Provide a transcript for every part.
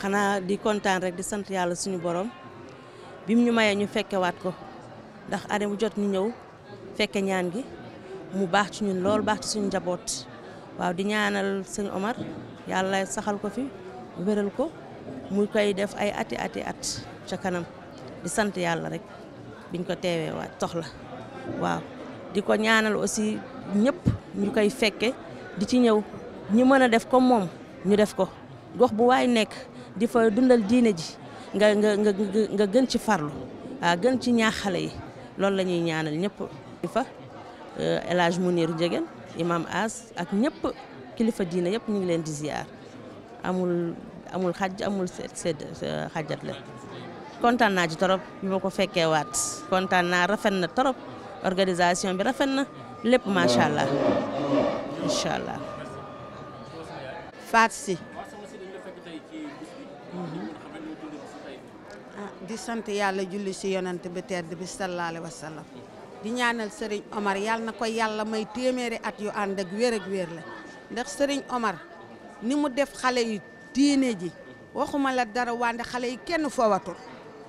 xanaa di kontaan rek di sant yàlla suñu borom bim ñu mayee ñu fekkewaat ko ndax année bu jot ñu ñëw fekke ñaan gi mu baax ci ñu lool baax ci suñu njaboot waaw di ñaanal sëñ Omar yàlla saxal ko fi wéral ko mu koy def ay ati ati at ca kanam di sant yàlla rek biñ ko teewee waat soxla waaw di ko ñaanal aussi ñëpp ñu koy fekke di ci ñëw ñi mën a def ko moom ñu def ko gox bu waay nekk di fa dundal diine ji nga nga nga nga gën ci farlu waaw ah, gën ci ñaaxale yi loolu la ñuy ñaanal ñëpp fa eh, El Hadj Mounir Ndiéguène imam As ak ñëpp kilifa diine yëpp ñu ngi leen di ziar amul amul xaj amul sedd eh, xajat la kontaan naa ci torop bi ma ko fekkee waat kontaan naa rafet na torop organisation bi rafet na lépp macha allah incha allah faat si Ah, di sant yàlla julli si yonent bi tedd bi sallallahu alayhi wa sallam di ñaanal Serigne Omar yàlla na ko yàlla may téeméeri at yu ànd ak wér ak wér la ndax Serigne Omar ni mu def xale yi diine ji waxuma la dara wànde xale yi kenn fowatul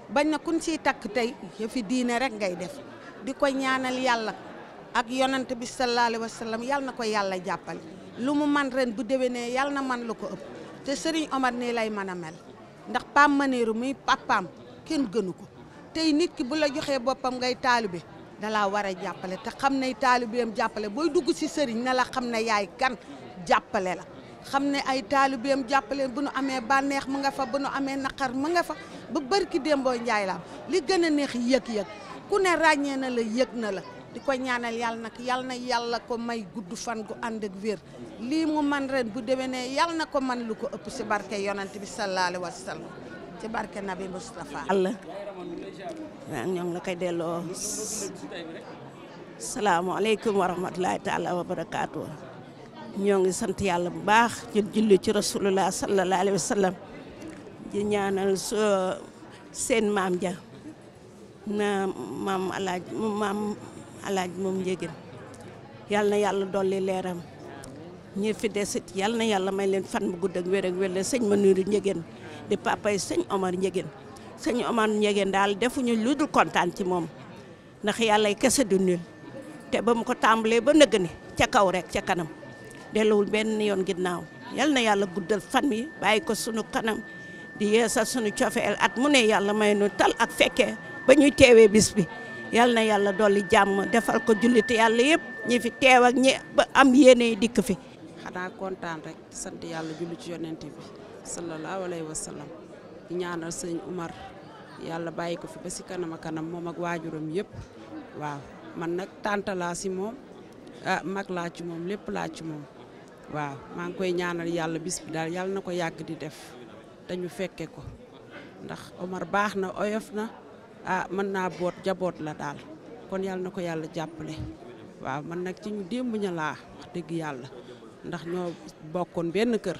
bañ na kun si takk tey yëfi diine rek ngay def di ko ñaanal yàlla ak yonent bi sallallahu alayhi wa sallam yàlla na ko yàlla jàppal lu mu man ren bu déwénee yàlla na man lu ko ëpp te Serigne Omar nii lay mën a mel ndax pam muy kenn gënu ko tey nit ki bu la joxee boppam ngay taalibe dalaa war a jàppale te xam ne taalibeem jàppale booy dugg si sëriñ na la xam ne yaay kan jàppale la xam ne ay taalibeem jàppale bu nu amee bànneex mu nga fa bu nu amee naqar mu nga fa ba barki démboo njaay la li gën a neex yëg-yëg ku ne ràññee na la yëg na la di ko ñaanal yàlla nag yàlla na yàlla ko may gudd fan gu ànd ak wér lii mu man ren bu demee ne yàlla na ko man lu ko ëpp ci barke yonent bi sallallahu alayhi wa sallam ci barke Nabi Moustapha. allah waaw ñoo ngi la koy delloo salaamaaleykum wa rahmatulahi taala wa barakaatu. ñoo ngi sant yàlla bu baax di julli ci rasulullah sallallahu alayhi wa sallam di seen maam ja maam alaaj maam alaaj moom njégén na yàlla dolli leeram ñi fi desit yal na yàlla may leen fan bu gudd ak wér ak wér la sëñ ma nuru njégén di papay sëñ Omar Ndiéguène sëñ Omar Ndiéguène daal defuñu lu dul kontaan ci moom ndax yàlla kese du nul te ba mu ko tàmbalee ba nëgg ni ca kaw rek ca kanam delluwul benn yoon ginnaaw yal na yàlla guddal fan yi bàyyi ko suñu kanam di yeesal sunu cofeel at mu ne yàlla may nu tal ak fekkee ba ñuy teewee bis bi yàlla na yàlla dolli jàmm defal ko jullit yàlla yëpp ñi fi teew ak ñi ba am yéene dikk fi xanaa kontaan rek sant yàlla julli ci yonent bi sallallahu alayhi wa ñaanal sëñ Umar yàlla bàyyi ko fi ba si kanam a kanam moom ak waajuram yëpp waaw man nag tànta laa si moom ah, mag laa ci moom lépp laa ci moom waaw maa ngi koy ñaanal yàlla bis bi daal yàlla na ko yàgg di def te ñu fekke ko ndax Omar baax na oyof na ah mën naa boot jaboot la daal kon yàlla na ko yàlla jàppale waaw man nag ci ñu démb ña laa dëgg yàlla ndax ñoo bokkoon benn kër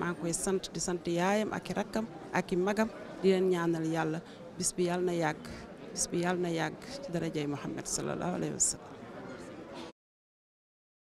maa ngi koy sant di sant yaayam ak i rakkam ak i magam di ñaanal yàlla bisbi bi yàlla na yàgg bis bi yàlla na yàgg ci darajay Muhammad sallallahu alayhi wa